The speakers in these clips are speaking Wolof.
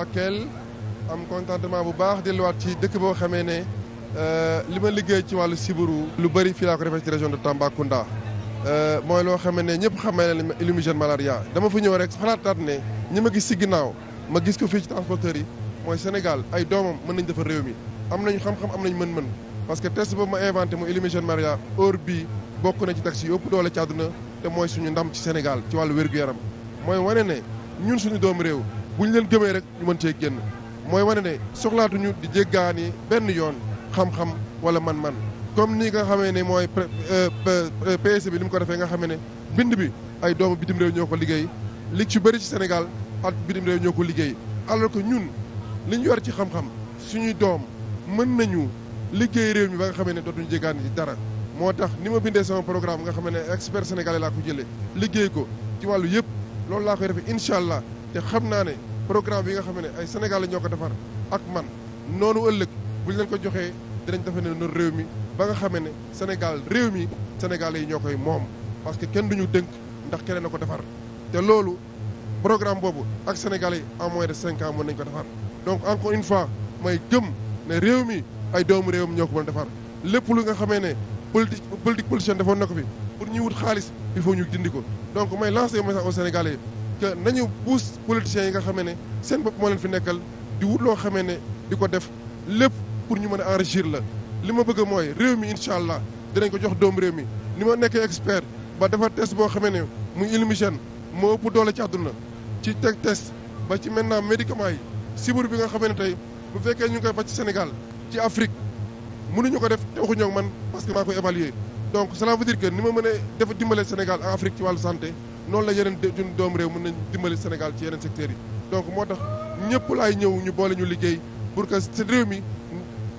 Bakel am contentement bu baax delluwaat ci dëkk boo xamee ne euh, li ma liggéey ci wàllu sibiru lu bëri fii laa ko defee ci région de Tambacounda euh, mooy loo xamee ne ñëpp xamee ne Illumigène malaria dama fa ñëw rek xalaataat ne ñi ma gis si ginnaaw ma gis ko fii ci transporteurs yi mooy Sénégal ay doomam mën nañ defar réew mi am nañu xam-xam am nañ mën-mën parce que test boobu ma inventé mu Illumigène malaria heure bi bokk na ci taxi yi ëpp doole ci àdduna te mooy suñu ndam ci Sénégal ci wàllu wér yaram mooy wane ne ñun suñu doom réew bu ñu leen gëmee rek ñu mën cee génn mooy wane ne soxlaatuñu di jéggaani benn yoon xam-xam wala man-man comme ni nga xamee ne mooy PSE bi ni mu ko defee nga xamee ne bind bi ay doomu bitim réew ñoo ko liggéey li ci bëri ci Sénégal ak bitim réew ñoo ko liggéey alors que ñun li ñu yor ci xam-xam suñuy doom mën nañu liggéey réew mi ba nga xamee ne dootuñu jéggaani ci dara moo tax ni ma bindee sama programme nga xamee ne expert sénégalais laa ko jëlee liggéey ko ci wàllu yëpp loolu laa koy incha allah te xam naa ne programme bi nga xam ne ay Sénégal la ñoo ko defar ak man noonu ëllëg buñ leen ko joxee dinañ defe ne noonu réew mi ba nga xamee ne Sénégal réew mi Sénégalais yi ñoo koy moom parce que kenn duñu dënk ndax keneen a ko defar te loolu programme boobu ak Sénégalais yi en moins de cinq ans mën nañ ko defar donc encore une fois may gëm ne réew mi ay doomu réew réewam ñoo ko mën a defar lépp lu nga xamee ne politique politique politicienne defoon na ko fi pour ñuy wut xaalis faut ñu dindi ko donc may lancer message aux Sénégalais que nañu buus politiciens yi nga xamee ne seen bopp moo leen fi nekkal di wut loo xamee ne di ko def lépp pour ñu mën a enrichir la li ma bëgg mooy réew mi incha allah dinañ ko jox doom réew mi ni ma nekkee expert ba defar test boo xamee ne muy Ilmi Jeune moo ëpp doole ci àdduna ci teg test ba ci maintenant médicament yi sibur bi nga xamee ne tey bu fekkee ñu ngi koy faj ci Sénégal ci Afrique mënuñu ko def te waxuñoo man parce que maa koy évaluer donc cela veut dire ni ma mën a def Sénégal en ci wàllu santé noonu la yeneen suñu doom réew mën nañ dimbali Sénégal ci yeneen secteurs yi donc moo tax ñëpp laay ñëw ñu boole ñu liggéey pour que sa réew mi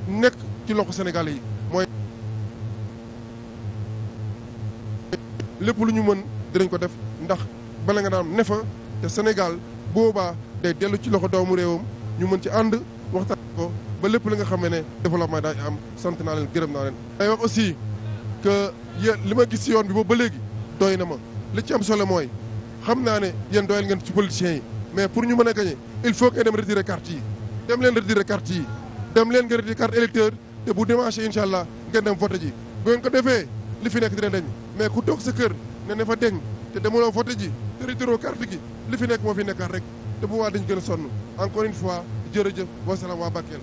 nekk ci loxo Sénégalais yi mooy lépp lu ñu mën dañ ko def ndax bala nga naan ne fa te Sénégal boobaa day dellu ci loxo doomu réewam ñu mën ci ànd waxtaan ko ba lépp li nga xam ne développement daay am sant naa leen gërëm naa leen. day wax aussi que li ma gis si yoon bi boobu ba léegi doy na ma. li ci am solo mooy xam naa ne yéen doyal ngeen ci politiciens yi mais pour ñu mën a gagné il faut que dem retirer carte yi dem leen retirer carte yi dem leen nga retirer carte électeur te bu dimanche incha allah ngeen dem vote ji bu ngeen ko defee li fi nekk dina dañ mais ku toog sa kër ne ne fa deñ te demuloo vote ji te retiroo carte li fi nekk moo fi nekkaat rek te bu waa dañ gën a sonn encore une fois jërëjëf wasalaam waa Bakel